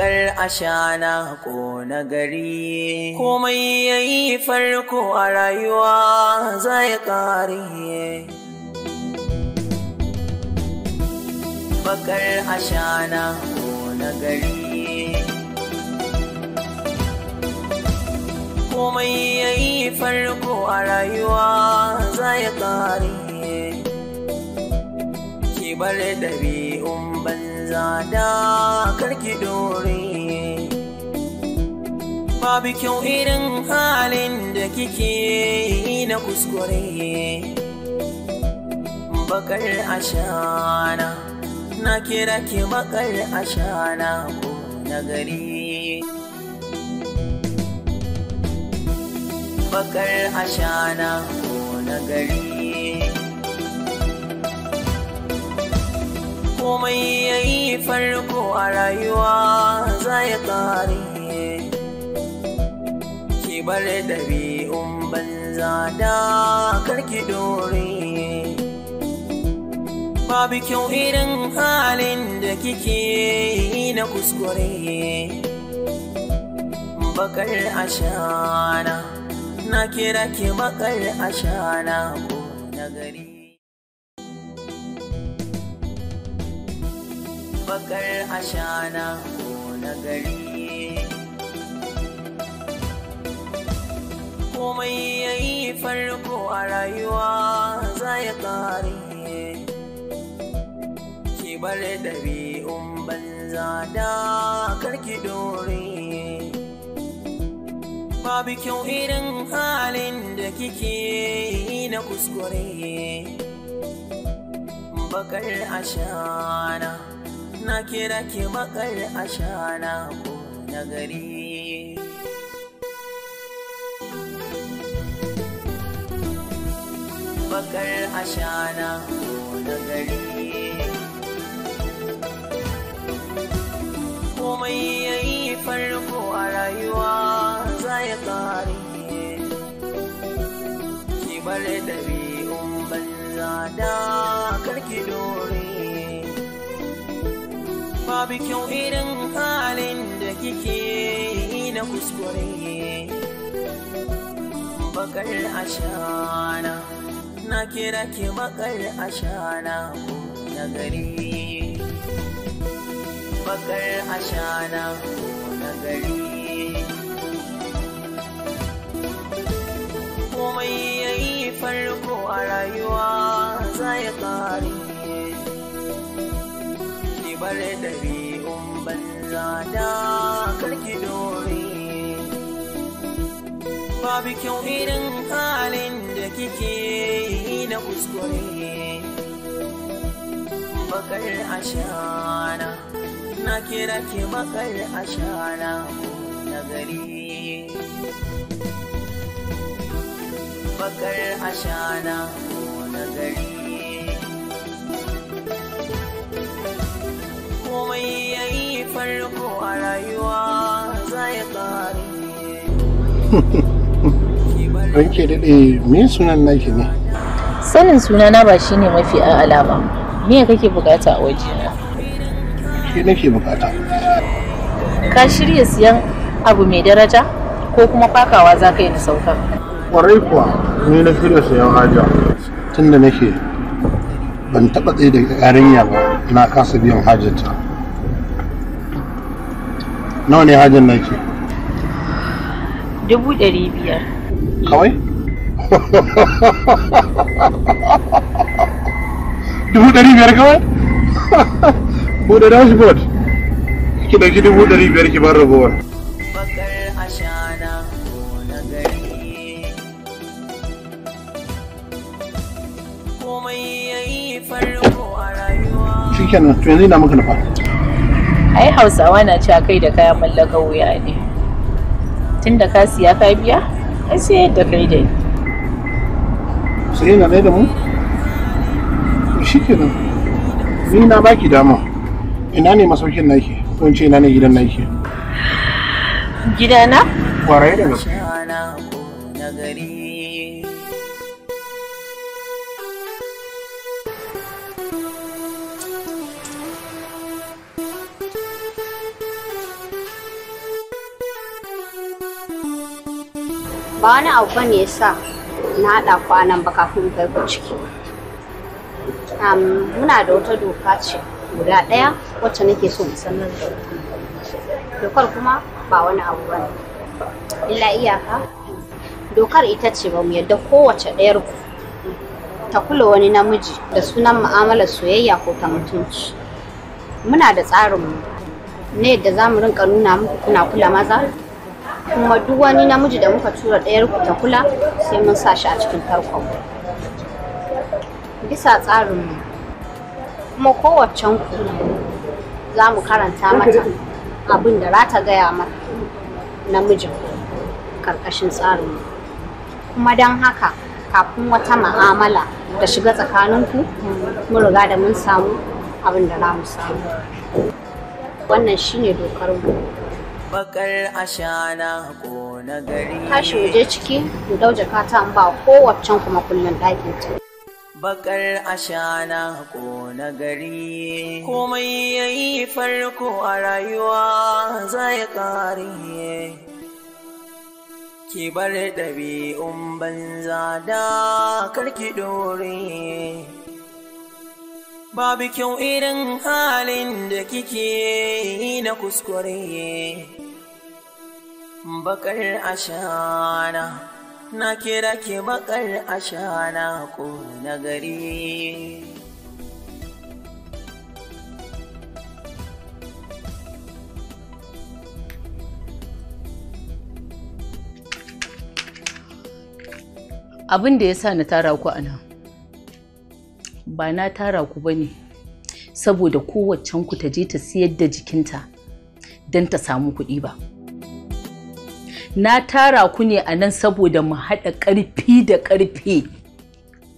Matukar ashana ko na gari, komai ya yi farko a rayuwa zai kare. Bakar ashana ko na gari. Komai ya yi farko a rayuwa zai kare. bar ɗabi'un banza. zada karki dore babu kyau irin halin da kike na kuskure bakar ashana na kira ki bakar ashana ko nagari. bakar ashana ko na komai ya yi farko a rayuwa za ya kare ki bar ɗabi'un banza da karki dore babu kyau irin halin da kike yi na kuskure bakar ashana na kira ki bakar ashana ko na bakar ashana ko na gari komai yayi farko a rayuwa za ya kare ki bar ɗabi'un banza da karki dore babu kyau irin halin da kike yi na kuskure bakar ashana na kira ke makare a shana ko na gari bakar a shana ko na gari komai yayi farko a rayuwa za ya kare ki bar ɗabi'un banza da karki dole babu kyau irin halin da kike na kuskure bakar ashana na kira ki bakar ashana na gari bakar ashana na gari komai yayi farko a rayuwa za ya kare bar ɗabi'un banza da karki dore babu kyau irin halin da kike yi na kuskure bakar ashana na kira ki bakar ashana na gari bakar ashana na gari farko ranke daɗe me sunan naki ne sanin sunana ba shi ne mafi a'ala ba me kake bukata a wajena shi nake bukata ka shirya siyan abu mai daraja ko kuma fakawa za ka yi da saukar kwarai kuwa ni na shirya siyan haja tunda nake ban taɓa tsaye da yarinya ba na kasa biyan hajjata nawa ne hajjin naki dubu ɗari biyar kawai dubu ɗari biyar kawai bude dashboard ki ɗauki dubu ɗari biyar ki bar ragowar shi kenan to yanzu ina maka nufa ai hausawa na cewa kai da kaya mallaka wuya ne tun da ka siya ka biya ai sai yadda kai da ni sai na ɗaya da mu shi kenan ni na baki dama ina ne masaukin naki ko ce ina ne gidan naki gidana kwarai da gaske ba wani abu bane ya sa na haɗa ku ba kafin kai ku ciki muna da wata doka ce guda ɗaya wacce nake so mu sanar da dokar kuma ba wani abu bane illa iyaka dokar ita ce ba mu yadda kowace ɗayar ku ta kula wani namiji da sunan mu'amalar soyayya ko ta mutunci muna da tsarin mu ne yadda za mu rinka nuna muku kuna kula maza kuma duk wani namiji da muka tura ɗayar ku ta kula sai mun sa shi a cikin tarkon bisa tsarinmu kuma kowaccen ku za mu karanta mata abin da rata gaya mata namijin ƙarƙashin tsarinmu kuma don haka kafin wata ma'amala da shiga tsakaninku mu riga da mun samu abin da za mu samu wannan shine dokar mu bakar ashana ko na gari Ka shuje ciki ku dau jakata an ba kowaccen kuma kullun ɗakin ta bakar ashana ko na gari komai yayi farko a rayuwa zai kare ki bar ɗabi'un banza da karki dore babu kyau irin halin da kike yi na kuskure bakar ashana na kira ke bakar ashana ko na gari abin da ya sa na tara ku a nan ba na tara ku ba ne saboda kowaccen ku ta je ta siyar da jikinta don ta samu kuɗi ba na tara ku ne a nan saboda mu haɗa ƙarfi da ƙarfe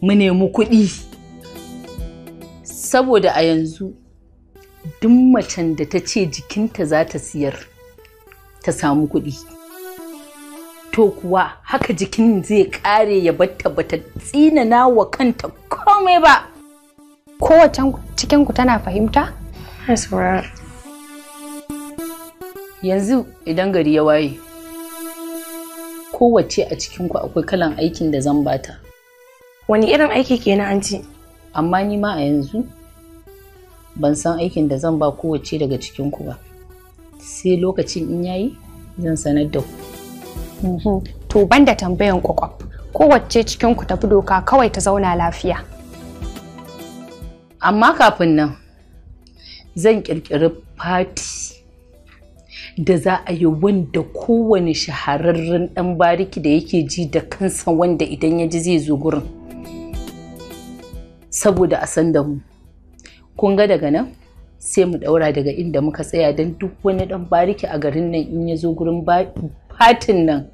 mu nemi kuɗi saboda a yanzu duk macen da ta ce jikinta za ta siyar ta samu kuɗi to kuwa haka jikin zai ƙare ya batta bata tsinana wa kanta komai ba kowace cikinku tana fahimta? Yanzu idan gari ya waye, kowace a cikinku akwai kalan aikin da zan bata. Wani irin aiki kenan an anci? Amma ni ma a yanzu ban san aikin da zan ba kowace daga cikinku ba. Sai lokacin in yayi zan sanar da ku. Mhm. To banda tambayan kwakwaf, kowace cikinku fi doka kawai ta zauna lafiya. amma kafin nan zan kirkiri fati da za a yi wanda kowane shahararren dan bariki da yake ji da kansa wanda idan ya ji zai zo gurin saboda a san da mu kun ga daga nan sai mu daura daga inda muka tsaya don duk wani dan bariki a garin nan in ya zo gurin fatin nan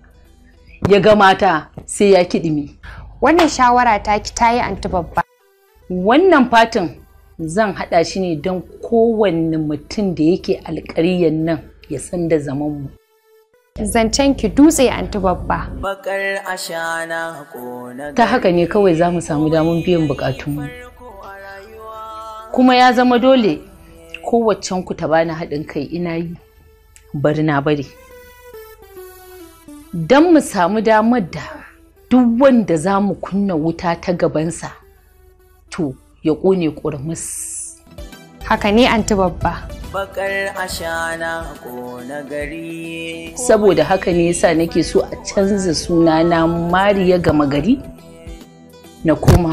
ya ga mata sai ya kiɗimi wannan shawara ta ki ta yi anti babba wannan fatin zan haɗa shi ne don kowanne mutum da yake alƙaryan nan ya san da zaman mu. Zancen ki dutse anti babba. Ta haka ne kawai za mu samu damun biyan bukatunmu. Kuma ya zama dole kowaccen ku ta bani haɗin kai ina yi bari na bari. Don mu samu damar da duk wanda za mu kunna wuta ta gabansa to ya ƙone ƙurmus haka ne anti babba bakar ashana ko na gari saboda haka ne yasa nake so a canza suna na mariya gama gari na koma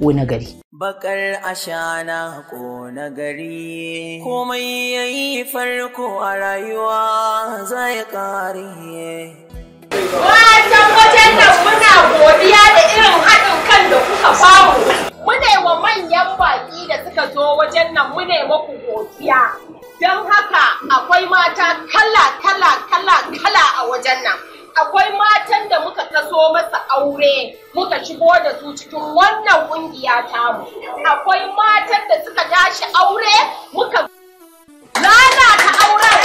wani gari bakar ashana ko na gari komai ya yi farko a rayuwa zai kare wa tabbatar da muna godiya da irin haɗin kan da kuka bamu mune wa manyan baƙi da suka zo wajen nan mune maku godiya don haka akwai mata kala kala kala kala a wajen nan akwai matan da muka taso masa aure muka shigo da su cikin wannan kungiya mu akwai matan da suka tashi aure muka lalata auren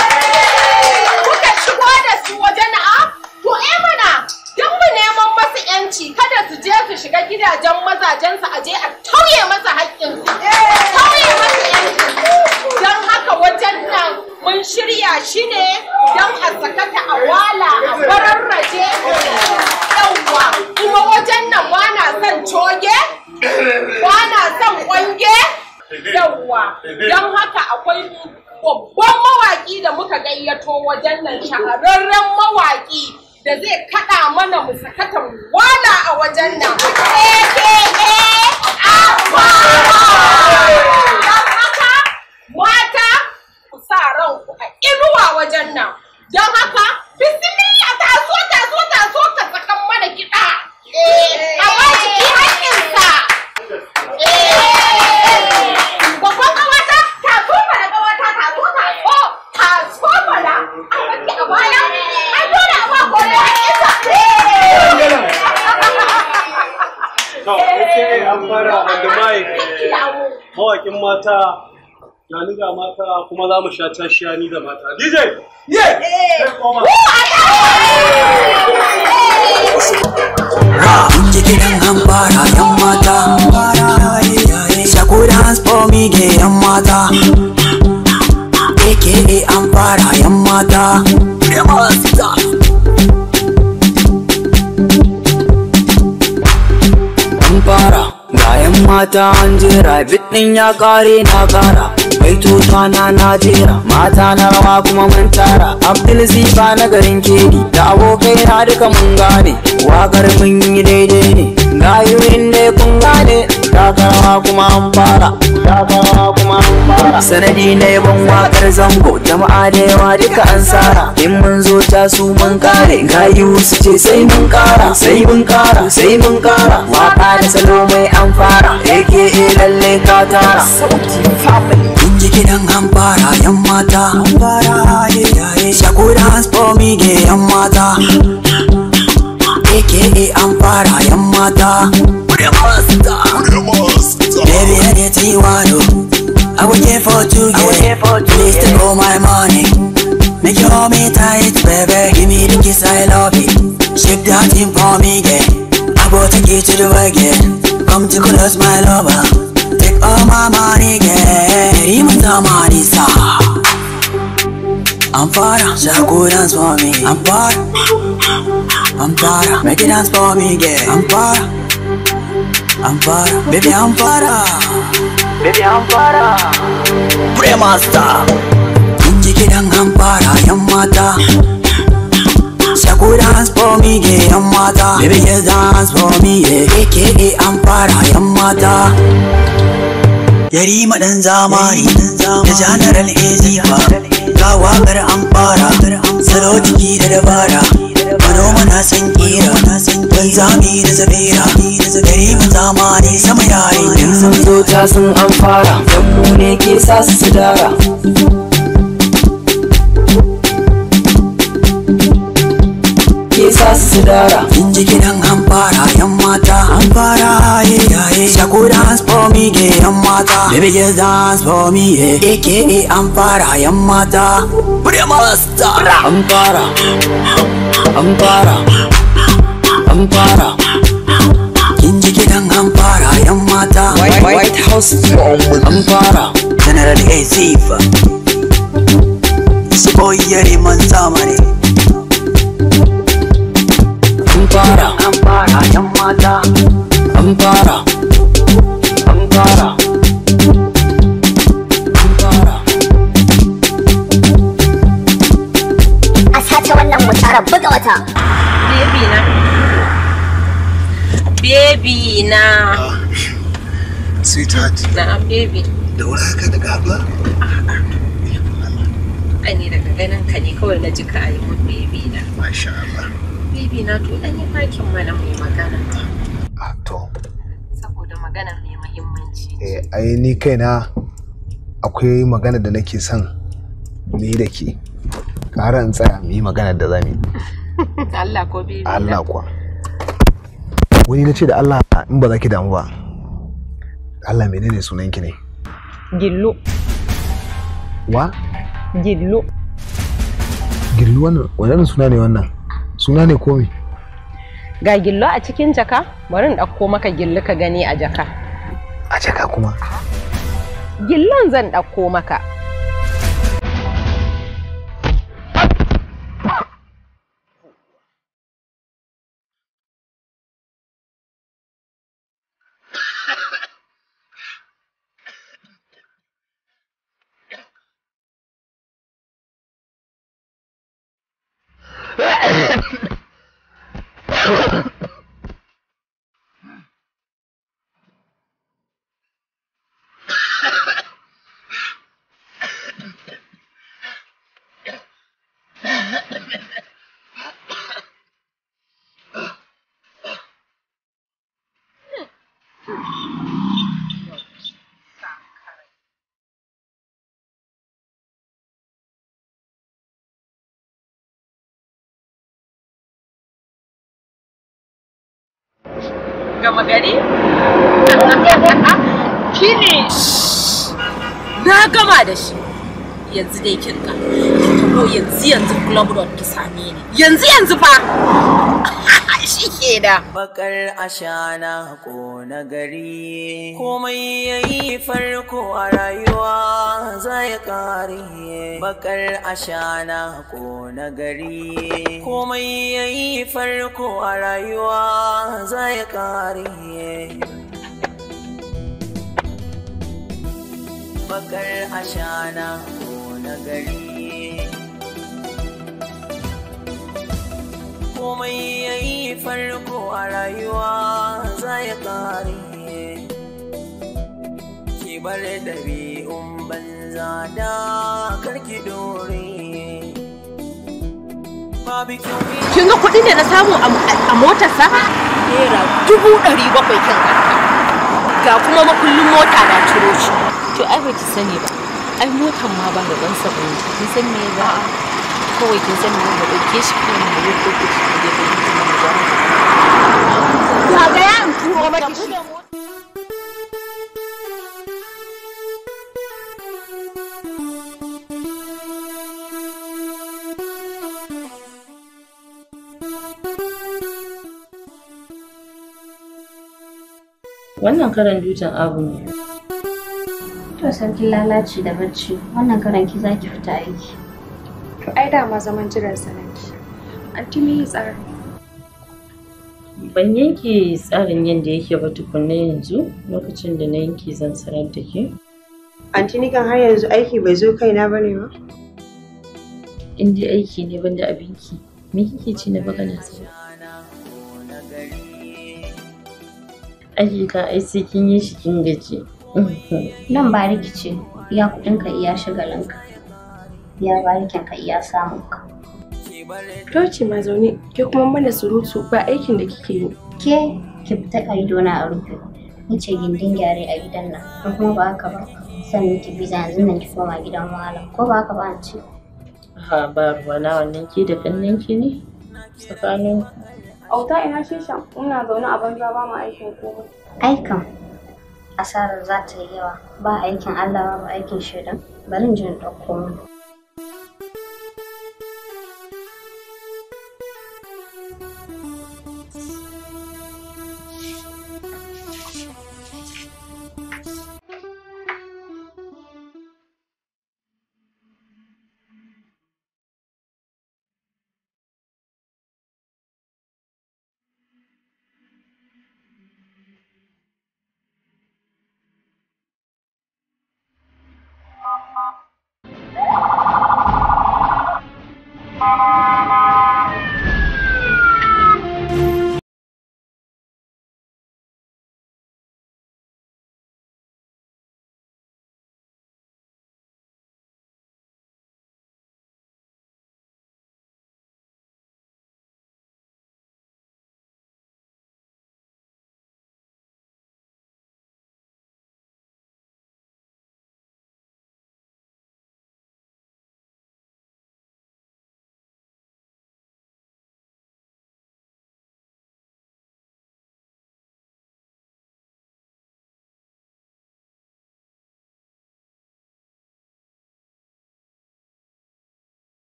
muka shigo da su wajen a ah, to eh mana yanci kada su je su shiga gidajen mazajensu a je a tauye masa haƙƙin tauye masa yanci don haka wajen nan mun shirya shi ne don a sakata a wala a bararraje yawwa kuma wajen nan ba na son coge ba na son wange yawwa don haka akwai babban mawaƙi da muka gayyato wajen nan shahararren mawaƙi da zai kaɗa mana mu sakatan wala a wajen nan. Eh, eh, eh, mata gani ga mata kuma za mu sha cashiya ni da mata DJ Ra'un jikin nan yan mata Shaku dance for me ge yan mata AKA an fara yan mata mata an jera bit ya kare na ƙara tuta na na jera mata na rawa kuma mun tara abdul ziba na garin kedi da abokai na duka mun gane wakar mun yi daidai ne gayoyin ne kun gane takarawa kuma an fara sanadi na yabon wakar zango jama'a da yawa duka an tsara in mun zo ta su mun kare gayu su ce sai mun kara sai mun kara sai mun kara waka da salo mai an fara ake lalle ka tara kun ji gidan an fara yan mata an fara yaye shakuda has for me ge yan mata Yake an fara yan mata the master, The monster. Baby, I get to you one. I would care for two. I would give for two. Please take all my money. Make your hold me tight, baby. Give me the kiss, I love it. Shake that thing for me, yeah. I will take you to the work, yeah. Come to close, my lover. Take all my money, yeah. Even the money, sir. I'm fire, just go dance for me. I'm fire. I'm fire, make it dance for me, yeah. I'm fire. Ampara, baby Ampara baby an fara premasta kun kidang Ampara, yamata fara yan mata dance for me, yeah, yamata Baby, just dance for me, yeah AKA Ampara, yamata yan mata Yarima zamani Da janaral ezi Ga Kawa an Ampara Salo jiki da dabara Bano mana san kira Ban zami da zabira Dari mu zamani sama yare Yan sun zo ta sun an fara ne ke sa su dara sa su dara in ji gidan an fara yan mata an fara haye eh, eh. yaye shako dance for me ke yan mata baby just dance for me ye eh. aka an fara yan mata Bremasta an fara an fara an fara kin ji gidan an fara yan mata white house an fara general a zifa su boyyare man zamani Ampara an fara yan mata an fara an fara a wannan mutara buga wata baby na baby na ah, sweetheart na baby da wani haka daga haɗuwa I need daga ganin ka ne kawai na ji a yi baby na bibi na to dan yi fakin mana mai magana a ah, to saboda magana mai muhimmanci eh ai ni kaina akwai magana da nake son ni da ke ƙara in tsaya mu yi magana da zamu Allah ko bibi Allah kuwa wani na ce da Allah in ba za ki damu ba Allah menene sunanki ne Gillo wa Gillo Gillo wannan wannan suna ne wannan suna ne komi ga gillo a cikin jaka bari in ɗauko maka gilli ka gani a jaka a jaka kuma gillon zan ɗauko maka gama gari shi na gama da shi yanzu dai kirka ko yanzu yanzu club dot ki same ni yanzu yanzu fa shi ke da bakar ashana ko na gari komai yayi farko a rayuwa zai kare bakar ashana ko na gari komai yayi farko a rayuwa zai kare bakar ashana ko gari komai yayi farko a rayuwa za ya kare ki bar ɗabi'un banza da karki dore kin ga kuɗin da na samu a motarsa naira dubu ɗari bakwai kin ga kuma makullin mota na turo shi to ai ba ki sani ba ai motan ma ba da ban sabon kin san me ba kawai kin san me ba dauke shi kuma mu yi ko ku da ba ga ya ga yan ba Wannan karan dutan abu ne. To sarki lalaci da bacci wannan karan ki zaki fita aiki. To ai dama zaman jiran sanaki. Anti me yi tsarin? Ban yanke tsarin yadda yake ba tukunna yanzu lokacin da na yanke zan sanar da ke. Anti ni kan har yanzu aiki bai zo kaina bane ba? In dai aiki ne banda abinki. Me kike ci na baka na sai? Aiki ka ai sai kin yi shi kin gaji. nan ba rikice iya kudinka iya shagalinka iya barikinka iya samunka Toci ma zaune ke kuma mana surutu ba aikin da kike yi. Ke ki fita kaidona a rufe. Ni ce gindin gyare a gidan nan. Ko kuma ba haka ba. Sannan ki biza yanzu nan ki koma gidan malam. Ko ba haka ba ce. Ha ba ruwana wannan ki da kannin ki ne. Tsakanin. Auta ina shishan ina zaune a banza ba mu aikin komai. Aikan. asarar za ta yi yawa ba aikin Allah ba aikin shaidan bari jin ɗauko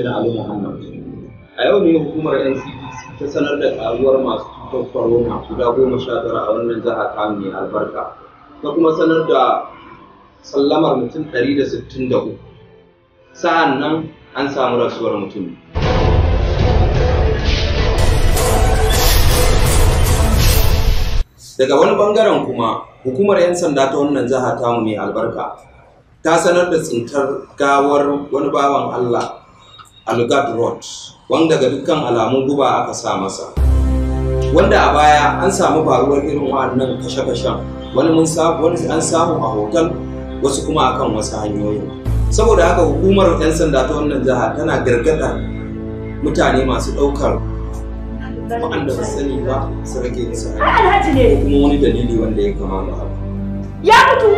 Abu Muhammad. A yau ne hukumar NCDC ta sanar da karuwar masu cutar corona guda goma sha tara a wannan jihar ta mai albarka, ta kuma sanar da sallamar mutum ɗari da sittin da uku. Sa'an nan an samu rasuwar mutum. Daga wani bangaren kuma, hukumar 'yan sanda ta wannan jiha ta mai albarka ta sanar da tsintar gawar wani bawan Allah algard rod wanda ga dukkan alamun guba aka sa masa wanda a baya an samu faruwar irin wannan kashe-kashen wani mun wani an samu a hotel wasu kuma akan wasu hanyoyi saboda haka hukumar 'yan sanda ta wannan jiha tana gargada mutane masu ɗaukar waɗanda ba sani ba su rage su kuma wani dalili wanda ya kama ya mutu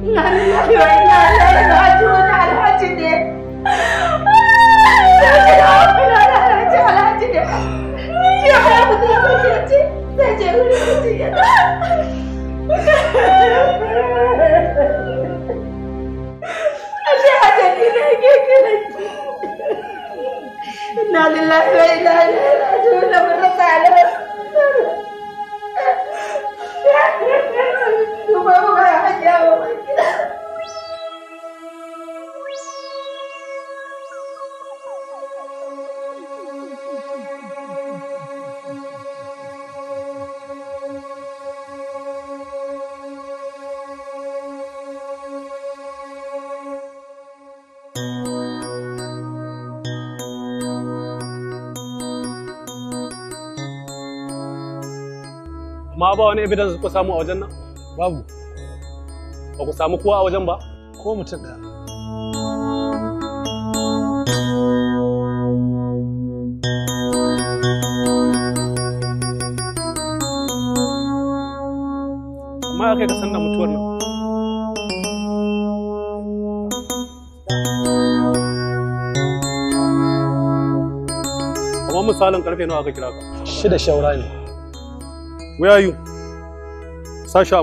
na lillahi wa inna ilaihi raji'un alhaji ne alhaji da wakil alhaji alhaji ne ya ba mu da mutunci sai je wurin mutum ya Ashe ajali ne ke kira Inna lillahi wa inna ilaihi raji'un mun rasa alhaji 别别别！你你你，快不快？快点，ba wani evidence ku samu a wajen nan babu ba ku samu kowa a wajen ba ko mutum ɗaya amma ya kai ka san da mutuwar nan kamar misalin karfe nawa ka kira ka shida shaura ne Where are you? Sasha a